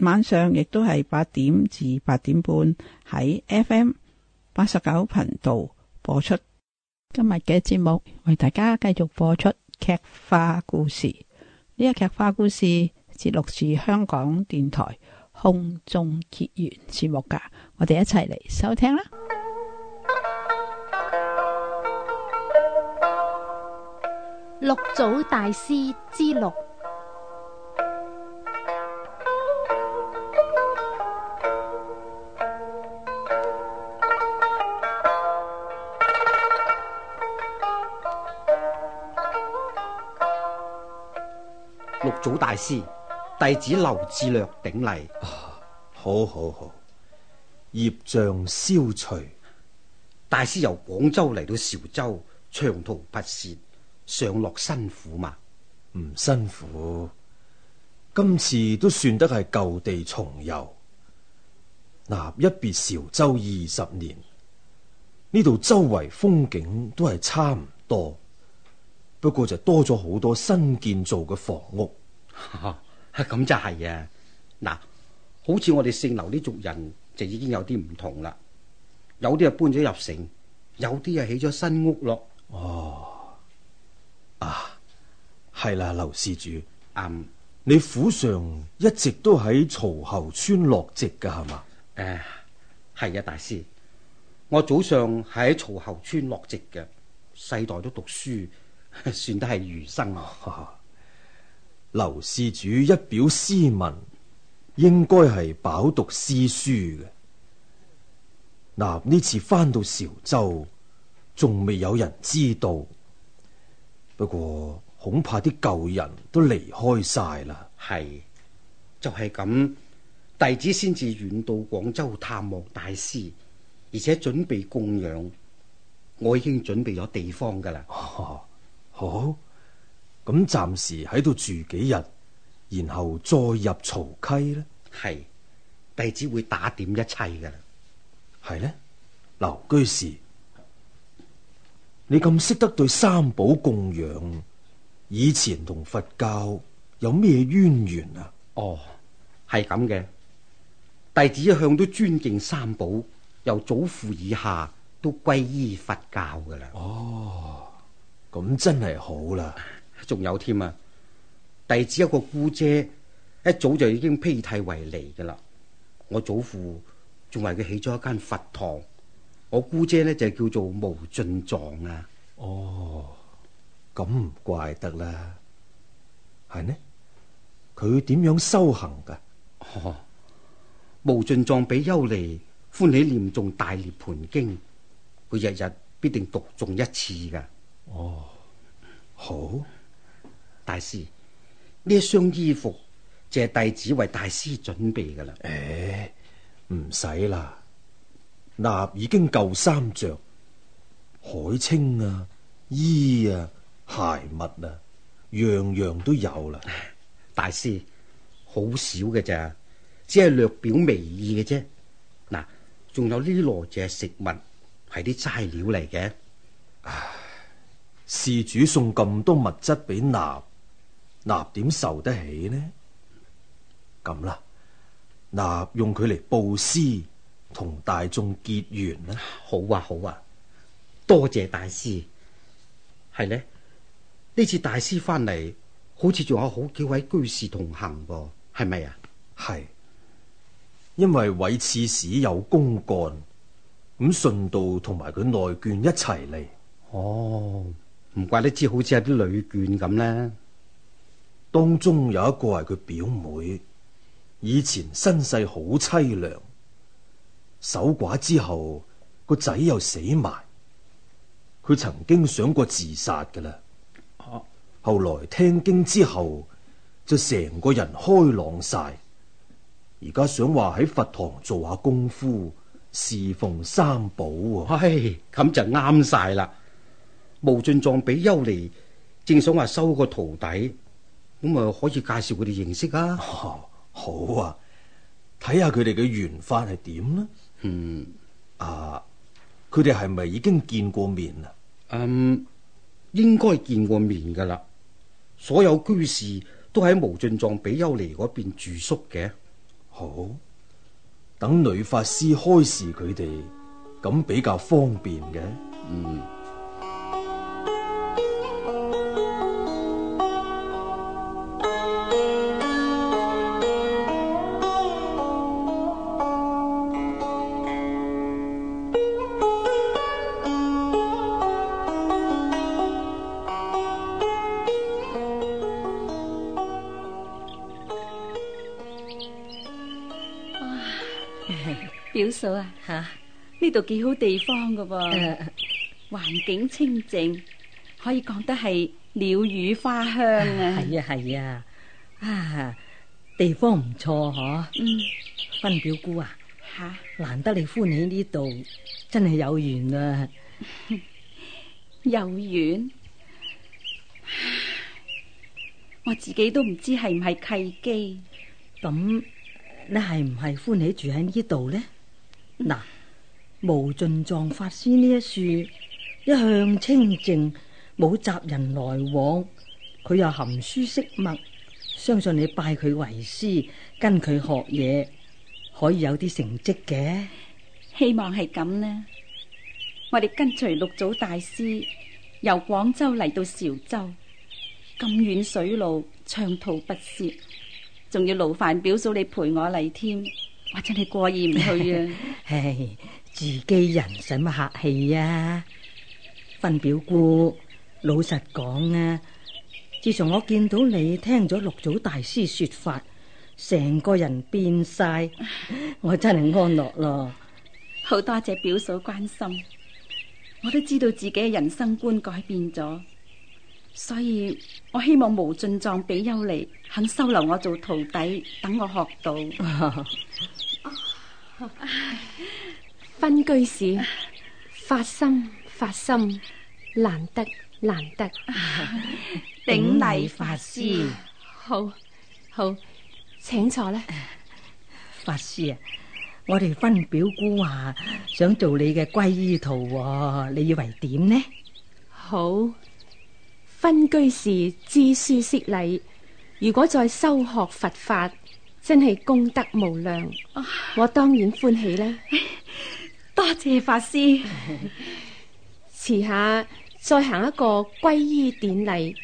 晚上亦都係八點至八點半喺 FM 八十九頻道播出。今日嘅節目，為大家繼續播出劇化故事。呢一個劇化故事節錄自香港電台空中結緣節目㗎，我哋一齊嚟收聽啦。六祖大師之六。大師弟子劉志略頂禮、啊，好好好，業障消除。大師由廣州嚟到韶州，長途跋涉，上落辛苦嘛？唔辛苦，今次都算得係舊地重遊。嗱，一別韶州二十年，呢度周圍風景都係差唔多，不過就多咗好多新建造嘅房屋。咁就係啊！嗱、啊啊，好似我哋姓劉啲族人就已經有啲唔同啦，有啲啊搬咗入城，有啲啊起咗新屋咯。哦，啊，係啦、啊，劉施主，啊、你府上一直都喺曹侯村落籍噶係嘛？誒，係啊，啊，大師，我早上係喺曹侯村落籍嘅，世代都讀書，算得係儒生啊。劉事主一表斯文，應該係飽讀詩書嘅。嗱、啊，呢次翻到潮州，仲未有人知道。不過恐怕啲舊人都離開晒啦，係就係、是，咁，弟子先至遠到廣州探望大師，而且準備供養。我已經準備咗地方噶啦、哦。哦，好。咁暫時喺度住幾日，然後再入曹溪呢？係弟子會打點一切噶啦。係呢？劉居士，你咁識得對三寶供養，以前同佛教有咩淵源啊？哦，係咁嘅。弟子一向都尊敬三寶，由祖父以下都皈依佛教噶啦。哦，咁真係好啦。仲有添啊！弟子一個姑姐，一早就已經披剃為尼噶啦。我祖父仲為佢起咗一間佛堂。我姑姐呢就叫做無盡藏啊。哦，咁唔怪得啦。係呢，佢點樣修行噶？哦，無盡藏比丘尼歡喜念誦大涅盤經，佢日日必定讀誦一次噶。哦，好。大師，呢一箱衣服就係弟子為大師準備噶啦。唉、欸，唔使啦，納已經夠三着，海青啊、衣啊、鞋襪啊，樣樣都有啦。大師，好少嘅咋，只係略表微意嘅啫。嗱，仲有呢羅就係食物，係啲齋料嚟嘅。唉，事主送咁多物質俾納。嗱，點受得起呢？咁啦，嗱，用佢嚟布施，同大眾結緣啦。好啊，好啊，多謝大師。係呢，呢次大師翻嚟，好似仲有好幾位居士同行喎，係咪啊？係，因為韋刺史有公幹，咁順道同埋佢內眷一齊嚟。哦，唔怪得之，好似係啲女眷咁呢。當中有一個係佢表妹，以前身世好淒涼，守寡之後個仔又死埋，佢曾經想過自殺噶啦。啊、後來聽經之後，就成個人開朗晒，而家想話喺佛堂做下功夫，侍奉三寶，啊。係咁，哎、就啱晒啦。無盡藏比丘尼，優正想話收個徒弟。咁啊，可以介紹佢哋認識啊？哦、好啊，睇下佢哋嘅緣法係點呢？嗯，啊，佢哋係咪已經見過面啦？嗯，應該見過面噶啦。所有居士都喺無盡藏比丘尼嗰邊住宿嘅。好、嗯，等女法師開示佢哋，咁比較方便嘅。嗯。呢度幾好地方噶、啊，環、呃、境清靜，可以講得係鳥語花香啊！係啊，係啊，啊，啊，地方唔錯嗬。嗯，芬表姑啊，哈、啊，難得你歡喜呢度，真係有緣啊！有緣、 啊，我自己都唔知係唔係契機。咁、嗯、你係唔係歡喜住喺呢度呢？嗱、嗯。 無盡藏法師呢一樹一向清靜，冇雜人來往，佢又含書識物，相信你拜佢為師，跟佢學嘢，可以有啲成績嘅。希望係咁呢。我哋跟隨六祖大師由廣州嚟到潮州，咁遠水路，長途跋涉，仲要勞煩表嫂你陪我嚟添。我真係過意唔去啊！嘿。 自己人使乜客氣啊？分表姑，老實講啊，自從我見到你聽咗六祖大師說法，成個人變晒，我真係安樂咯。 好多謝表嫂關心，我都知道自己嘅人生觀改變咗，所以我希望無盡藏比丘尼肯收留我做徒弟，等我學到。 分居士，發心發心，難得難得，頂禮法師。好，好，請坐啦。法師啊，我哋分表姑話想做你嘅歸依徒，你以為點呢？好，分居士知書識禮，如果再修學佛法，真係功德無量，我當然歡喜啦。多謝法師，遲 下再行一個皈依典禮。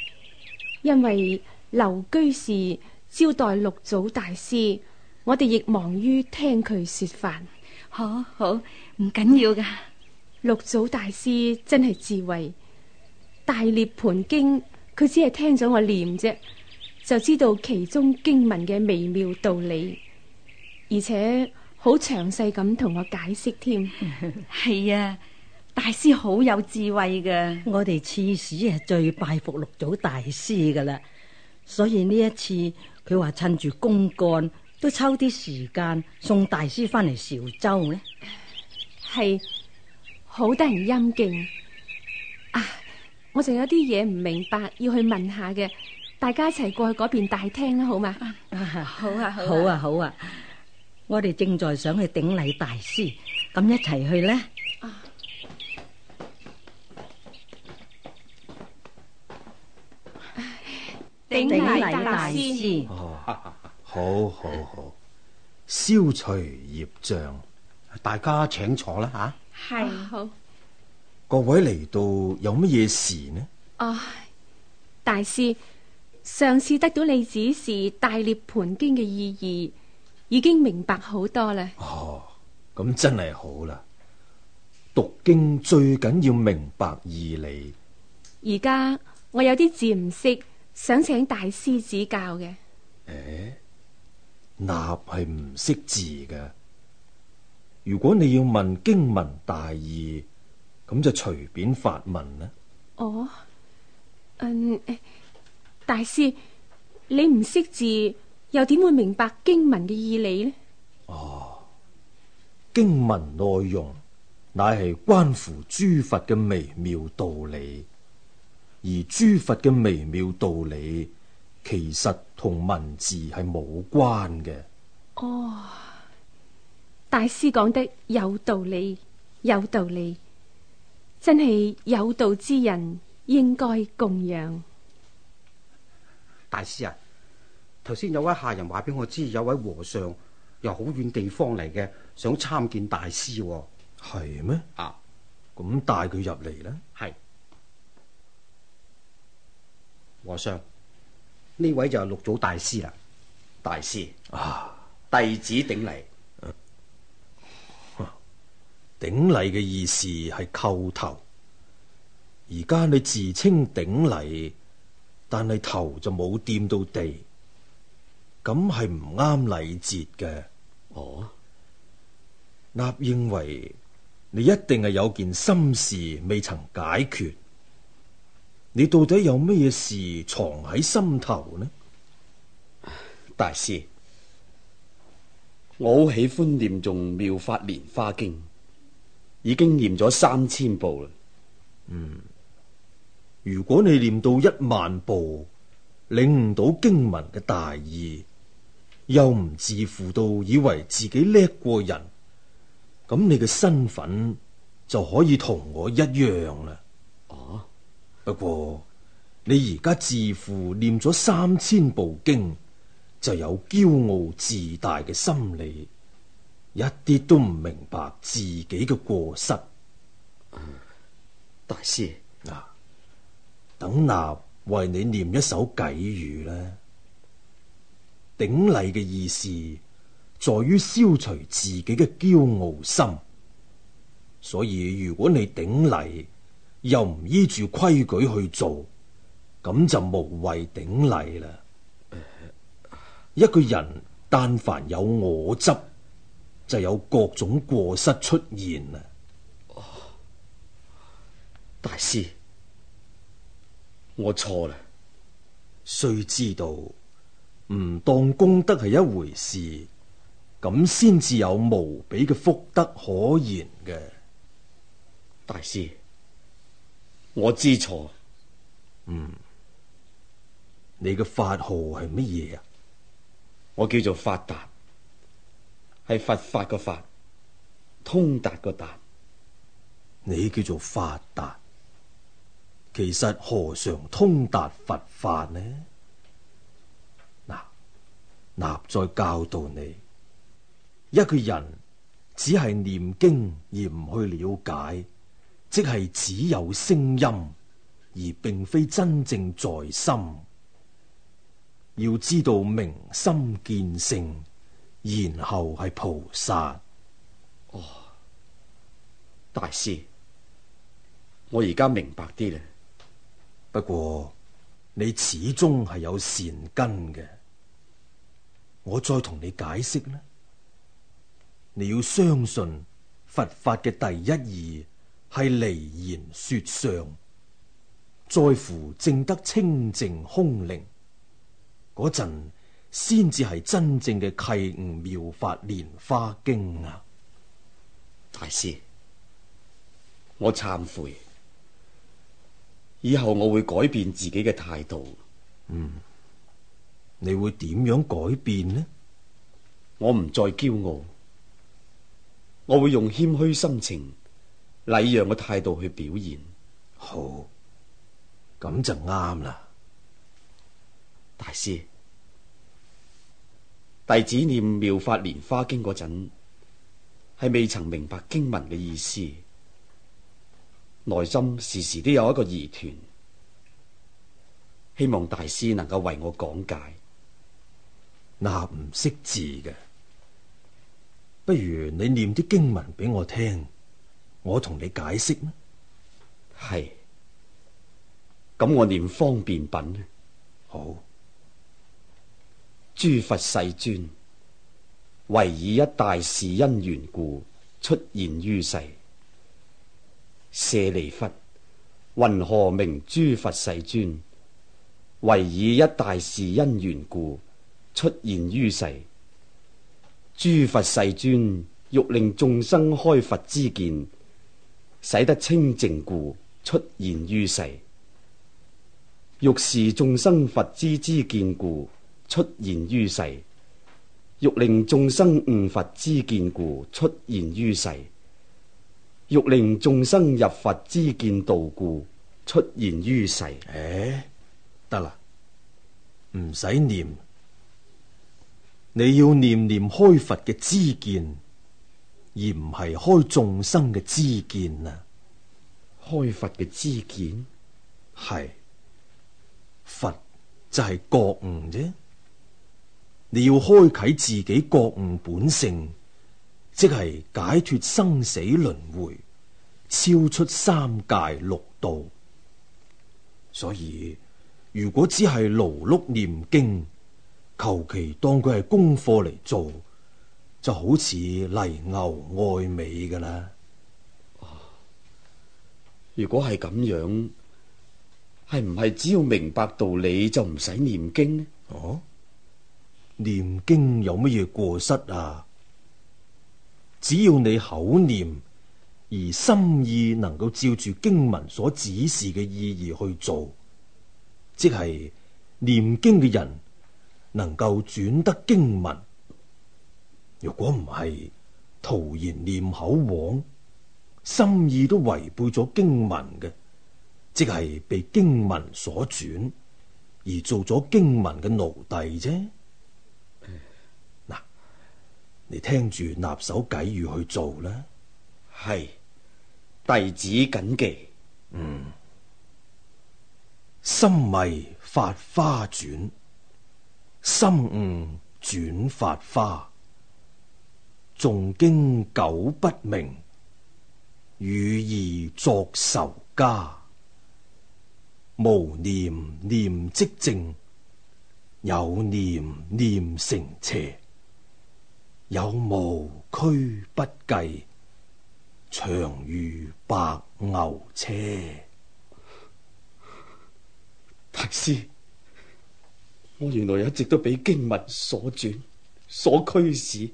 因為劉居士招待六祖大師，我哋亦忙於聽佢說法。好好，唔緊要噶。六祖大師真係智慧，《大涅槃經》，佢只係聽咗我念啫，就知道其中經文嘅微妙道理，而且。好詳細咁同我解釋添，係 啊，大師好有智慧噶。我哋次次係最拜服六祖大師噶啦，所以呢一次佢話趁住公幹都抽啲時間送大師翻嚟潮州呢係好得人欽敬啊！我仲有啲嘢唔明白，要去問下嘅，大家一齊過去嗰邊大廳啦，好嘛？ 好啊，好啊，好啊。 好啊好啊我哋正在想去頂禮大師，咁一齊去呢。頂禮大師，好好、哦、好，消除業障，大家請坐啦吓。係是好，各位嚟到有乜嘢事呢？啊、哦，大師，上次得到你指示大涅槃經嘅意義。已經明白好多啦。哦，咁真係好啦。讀經最緊要明白義理。而家我有啲字唔識，想請大師指教嘅。誒、欸，納係唔識字嘅。如果你要問經文大義，咁就隨便發問啦、啊。哦，嗯，大師，你唔識字，又點會明白經文嘅義理呢？哦，經文內容乃係關乎諸佛嘅微妙道理，而諸佛嘅微妙道理其實同文字係冇關嘅。哦，大師講得有道理，有道理，真係有道之人應該供養大師啊！頭先有位客人話俾我知，有位和尚由好遠地方嚟嘅，想參見大師。係咩啊？咁帶佢入嚟啦。係，和尚，呢位就係六祖大師啦。大師啊，弟子頂禮。頂禮嘅意思係叩頭。而家你自稱頂禮，但係頭就冇掂到地。咁係唔啱禮節嘅。我立、哦、認為你一定係有件心事未曾解決。你到底有咩事藏喺心頭呢？啊、大師使，我好喜歡念誦《妙法蓮花經》，已經念咗三千部啦。嗯，如果你念到一萬部，領唔到經文嘅大意。又唔自負到以為自己叻過人，咁你嘅身份就可以同我一樣啦。啊！不過你而家自負念咗三千部經，就有驕傲自大嘅心理，一啲都唔明白自己嘅過失。大師、嗯、啊，等衲為你念一首偈語呢。頂禮嘅意思，在於消除自己嘅驕傲心。所以如果你頂禮又唔依住規矩去做，咁就無謂頂禮啦。呃、一個人但凡有我執，就有各種過失出現啦、呃。大師，我錯啦，須知道。唔當功德係一回事，咁先至有無比嘅福德可言嘅。大師，我知錯。嗯，你嘅法號係乜嘢啊？我叫做法達，係佛法個法，通達個達。你叫做法達，其實何嘗通達佛法呢？嗱再教導你，一個人只係念經而唔去了解，即係只有聲音，而並非真正在心。要知道明心見性，然後係菩薩。哦，大師，我而家明白啲啦。不過你始終係有善根嘅。我再同你解釋呢，你要相信佛法嘅第一義係離言說相，在乎正得清淨空靈嗰陣，先至係真正嘅契悟妙法蓮花經啊！大師，我懺悔，以後我會改變自己嘅態度。嗯。你會點樣改變呢？我唔再驕傲，我會用謙虛心情、禮讓嘅態度去表現。好，咁就啱啦。大師，弟子念《妙法蓮花經》嗰陣係未曾明白經文嘅意思，內心時時都有一個疑團，希望大師能夠為我講解。那唔識字嘅，不如你念啲經文俾我聽，我同你解釋。係咁，我念方便品。好，諸佛世尊，唯以一大事因緣故出現於世。舍利弗，云何名諸佛世尊，唯以一大事因緣故？出現於世，諸佛世尊欲令眾生開佛之見，使得清淨故出現於世；欲示眾生佛之知見故出現於世；欲令眾生悟佛之見故出現於世；欲令眾生入佛之見道故出現於世。唉、欸，得啦，唔使念。你要念念開佛嘅知見，而唔係開眾生嘅知見啊！開佛嘅知見係佛就係覺悟啫。你要開啟自己覺悟本性，即係解脫生死輪迴，超出三界六道。所以如果只係勞碌念經。求其當佢係功課嚟做，就好似犁牛愛美噶啦。如果係咁樣，係唔係只要明白道理就唔使念經呢？哦，念經有乜嘢過失啊？只要你口念而心意能夠照住經文所指示嘅意義去做，即係念經嘅人，能夠轉得經文，如果唔係，徒然念口往，心意都違背咗經文嘅，即係被經文所轉，而做咗經文嘅奴隸啫。嗱、嗯，你聽住納手偈語去做啦。係，弟子謹記。嗯，心迷法華轉。心悟轉法花，誦經久不明，語意作仇家。無念念即正，有念念成邪。有無俱不計，長如白牛車。大師。我原來一直都俾經文所轉，所驅使，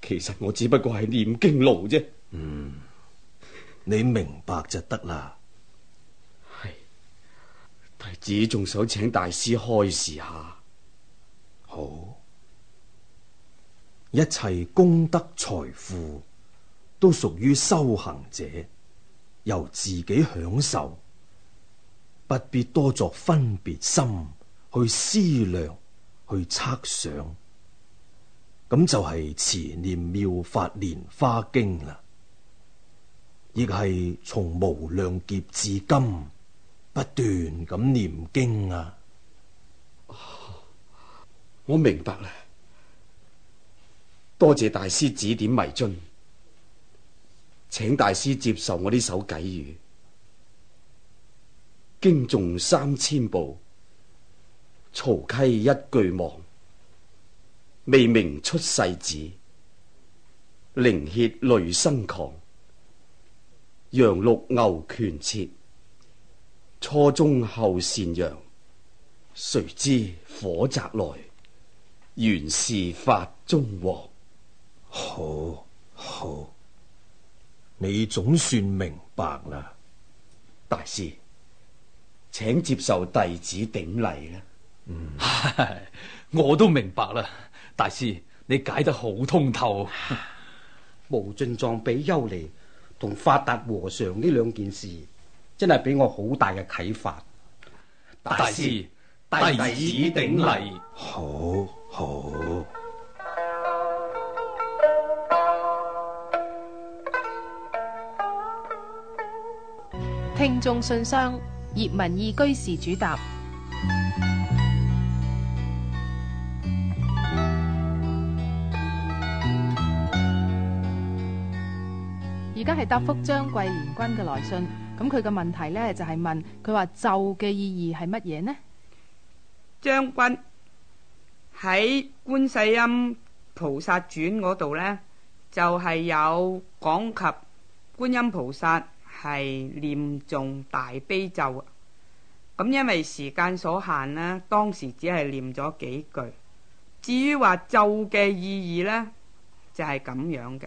其實我只不過係念經路啫。嗯，你明白就得啦。係，弟子仲想請大師開示下。好，一切功德財富都屬於修行者，由自己享受，不必多作分別心。去思量，去測想，咁就係慈念妙法蓮花經啦，亦係從無量劫至今不斷咁念經啊！我明白啦，多謝大師指點迷津，請大師接受我呢首偈語：經誦三千部。曹溪一句望，未明出世子，靈血淚生狂。羊鹿牛權切，初中後善陽，誰知火宅來，原是法中王。好，好，你總算明白啦，大師，請接受弟子頂禮啦。嗯、 我都明白啦，大師，你解得好通透。 無盡藏比丘尼同法達和尚呢兩件事，真係俾我好大嘅啟發。大師，大師大弟子頂禮，好好。聽眾信箱，葉文義居士主答。而家係答覆張貴賢君嘅來信，咁佢嘅問題呢就係問佢話咒嘅意義係乜嘢呢？將軍喺《觀世音菩薩傳》嗰度呢，就係有講及觀音菩薩係念誦大悲咒啊。咁因為時間所限呢，當時只係念咗幾句。至於話咒嘅意義呢，就係咁樣嘅。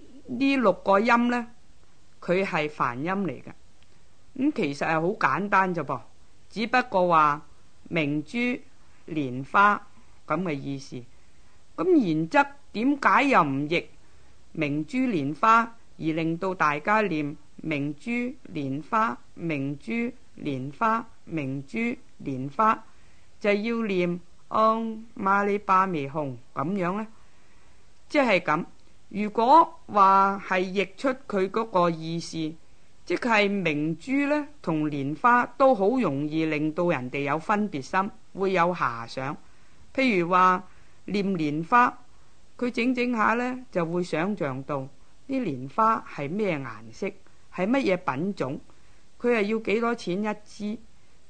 呢六個音呢，佢係梵音嚟嘅。咁、嗯、其實係好簡單咋噃，只不過話明珠蓮花咁嘅意思。咁、嗯、原則點解又唔譯明珠蓮花，而令到大家念明珠蓮花、明珠蓮花、明珠蓮花，明珠蓮花就係要念唵嘛呢叭咪吽咁樣呢？即係咁。如果話係譯出佢嗰個意思，即係明珠呢同蓮花都好容易令到人哋有分別心，會有遐想。譬如話念蓮花，佢整整下呢就會想像到啲蓮花係咩顏色，係乜嘢品種，佢係要幾多錢一支？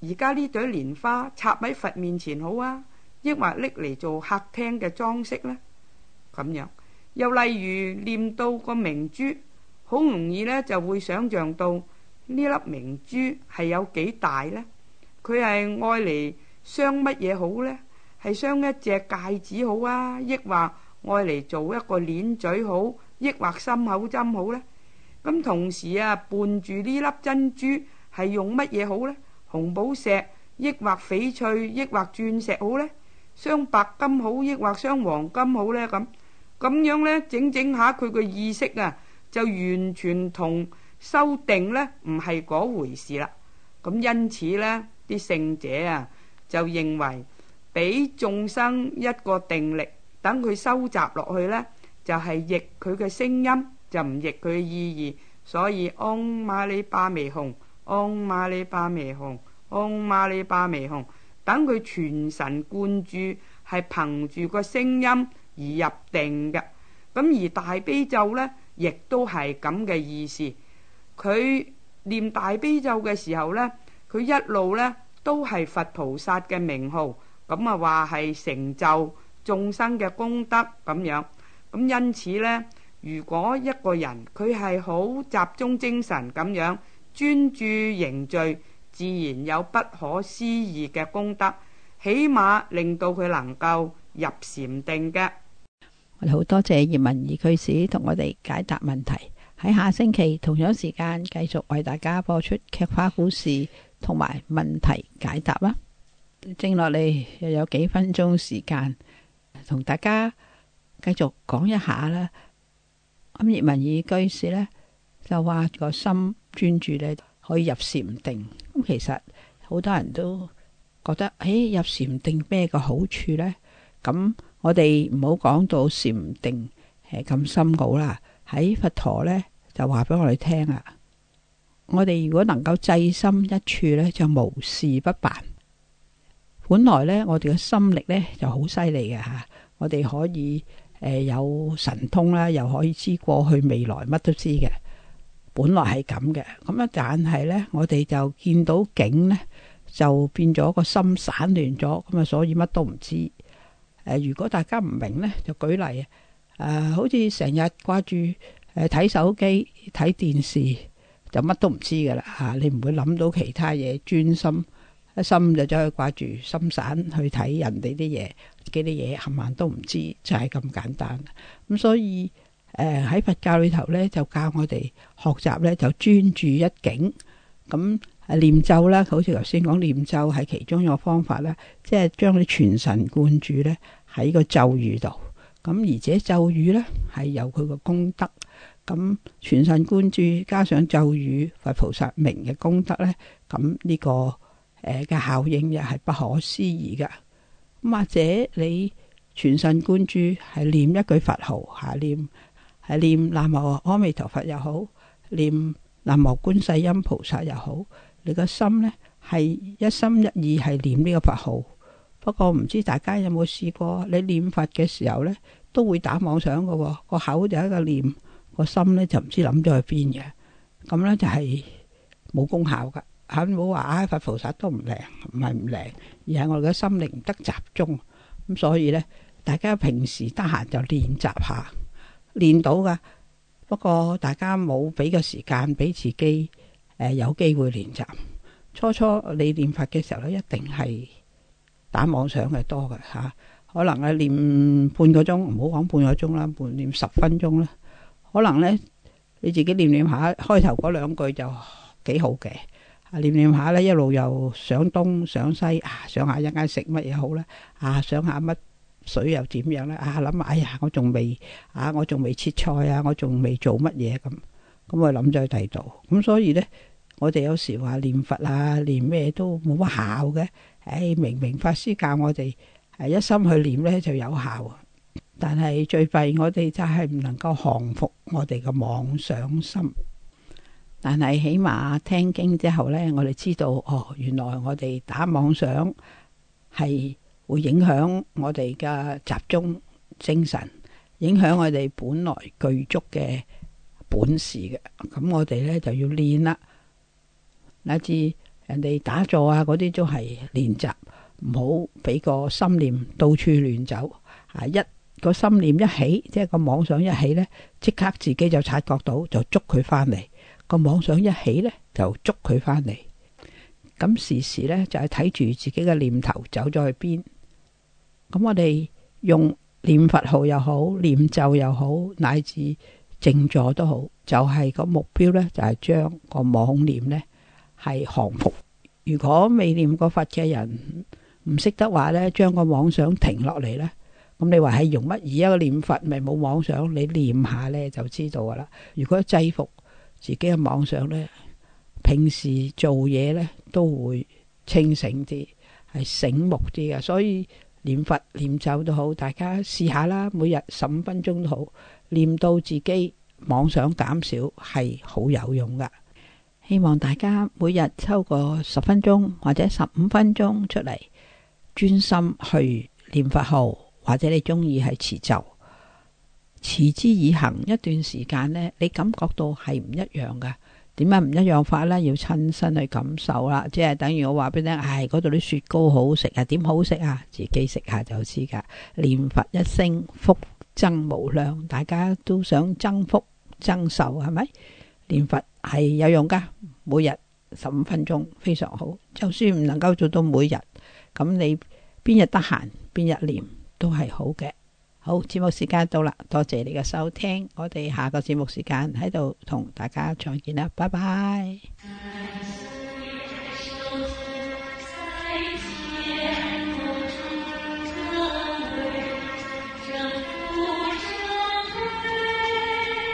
而家呢朵蓮花插喺佛面前好啊，抑或拎嚟做客廳嘅裝飾呢？咁樣。又例如念到個明珠，好容易呢就會想象到呢粒明珠係有幾大呢？佢係愛嚟鑲乜嘢好呢？係鑲一隻戒指好啊，抑或愛嚟做一個鏈嘴好，抑或心口針好呢？咁同時啊，伴住呢粒珍珠係用乜嘢好呢？紅寶石，抑或翡翠，抑或鑽石好呢？鑲白金好，抑或鑲黃金好呢？咁。咁樣呢，整整下佢個意識啊，就完全同修定呢唔係嗰回事啦。咁因此呢，啲聖者啊就認為，俾眾生一個定力 hon, hon, hon,，等佢收集落去呢，就係譯佢嘅聲音，就唔譯佢嘅意義。所以唵瑪尼巴咪吽，唵瑪尼巴咪吽，唵瑪尼巴咪吽，等佢全神貫注，係憑住個聲音。而入定嘅，咁而大悲咒呢，亦都係咁嘅意思。佢念大悲咒嘅時候呢，佢一路呢都係佛菩薩嘅名號，咁啊話係成就眾生嘅功德咁樣。咁因此呢，如果一個人佢係好集中精神咁樣專注凝聚，自然有不可思議嘅功德，起碼令到佢能夠入禪定嘅。好多謝葉文義居士同我哋解答問題。喺下星期同樣時間繼續為大家播出劇化故事同埋問題解答啦。剩落嚟，又有幾分鐘時間，同大家繼續講一下啦。咁葉文義居士呢，就話個心專注咧可以入禪定。咁其實好多人都覺得，誒、哎、入禪定咩個好處呢？」咁我哋唔好講到禪定誒咁深奧啦。喺佛陀咧就話俾我哋聽啊，我哋如果能夠制心一處咧，就無事不辦。本來咧我哋嘅心力咧就好犀利嘅吓，我哋可以誒、呃、有神通啦，又可以知過去未來，乜都知嘅。本來係咁嘅，咁啊，但係咧我哋就見到境咧就變咗個心散亂咗，咁啊，所以乜都唔知。誒，如果大家唔明呢，就舉例，誒，好似成日掛住誒睇手機、睇電視，就乜都唔知噶啦吓，你唔會諗到其他嘢，專心一心就只可以掛住心散去睇人哋啲嘢，幾啲嘢冚唪唥都唔知，就係咁簡單。咁所以誒喺佛教裏頭呢，就教我哋學習呢，就專注一境，咁。念咒啦，好似頭先講念咒係其中一個方法啦，即係將啲全神貫注咧喺個咒語度，咁而且咒語咧係有佢個功德，咁全神貫注加上咒語、佛菩薩名嘅功德咧，咁、這、呢個誒嘅效應又係不可思議噶。咁或者你全神貫注係念一句佛號，下念係念南無阿彌陀佛又好，念南無觀世音菩薩又好。你個心咧係一心一意係念呢個佛號，不過唔知大家有冇試過，你念佛嘅時候咧都會打妄想噶，個口就喺度念，個心咧就唔知諗咗去邊嘅，咁咧就係冇功效噶。肯唔好話啊，念佛菩薩都唔靈，唔係唔靈，而係我哋嘅心靈唔得集中。咁所以咧，大家平時得閒就練習下，練到噶。不過大家冇俾個時間俾自己。誒有機會練習，初初你練法嘅時候咧，一定係打妄想嘅多嘅嚇。可能啊，練半個鐘，唔好講半個鐘啦，半練十分鐘啦。可能咧，你自己練練下，開頭嗰兩句就幾好嘅。啊，練練下咧，一路又上東上西，啊，想下一間食乜嘢好咧，啊，想下乜水又點樣咧，啊，諗下，哎呀，我仲未啊，我仲未切菜啊，我仲未做乜嘢咁，咁我諗咗去第度，咁所以咧。我哋有時話念佛啊，念咩都冇乜效嘅。唉、哎，明明法師教我哋係一心去念咧，就有效。但係最弊，我哋就係唔能夠降服我哋嘅妄想心。但係起碼聽經之後咧，我哋知道哦，原來我哋打妄想係會影響我哋嘅集中精神，影響我哋本來具足嘅本事嘅。咁我哋咧就要練啦。乃至人哋打坐啊，嗰啲都係練習，唔好俾個心念到處亂走啊。一個心念一起，即係個妄想一起咧，即刻自己就察覺到，就捉佢翻嚟。個妄想一起咧，就捉佢翻嚟。咁時時咧就係睇住自己嘅念頭走咗去邊。咁我哋用念佛號又好，念咒又好，乃至靜坐都好，就係個目標咧，就係將個妄念咧。係降伏，如果未念過佛嘅人唔識得話呢，將個妄想停落嚟呢。咁你話係用乜？而家個念佛咪冇妄想？你念下呢就知道噶啦。如果制服自己嘅妄想呢，平時做嘢呢都會清醒啲，係醒目啲嘅。所以念佛、念咒都好，大家試下啦，每日十五分鐘都好，念到自己妄想減少，係好有用噶。希望大家每日抽個十分鐘或者十五分鐘出嚟，專心去念佛號，或者你中意係持咒，持之以恆一段時間呢，你感覺到係唔一樣噶。點解唔一樣法呢？要親身去感受啦，即係等於我話俾你聽，唉、哎，嗰度啲雪糕好食啊，點好食啊？自己食下就知噶。念佛一聲，福增無量，大家都想增福增壽，係咪？念佛係有用噶，每日十五分鐘非常好。就算唔能夠做到每日，咁你邊日得閒邊日念都係好嘅。好，節目時間到啦，多謝你嘅收聽，我哋下個節目時間喺度同大家再見啦，拜拜。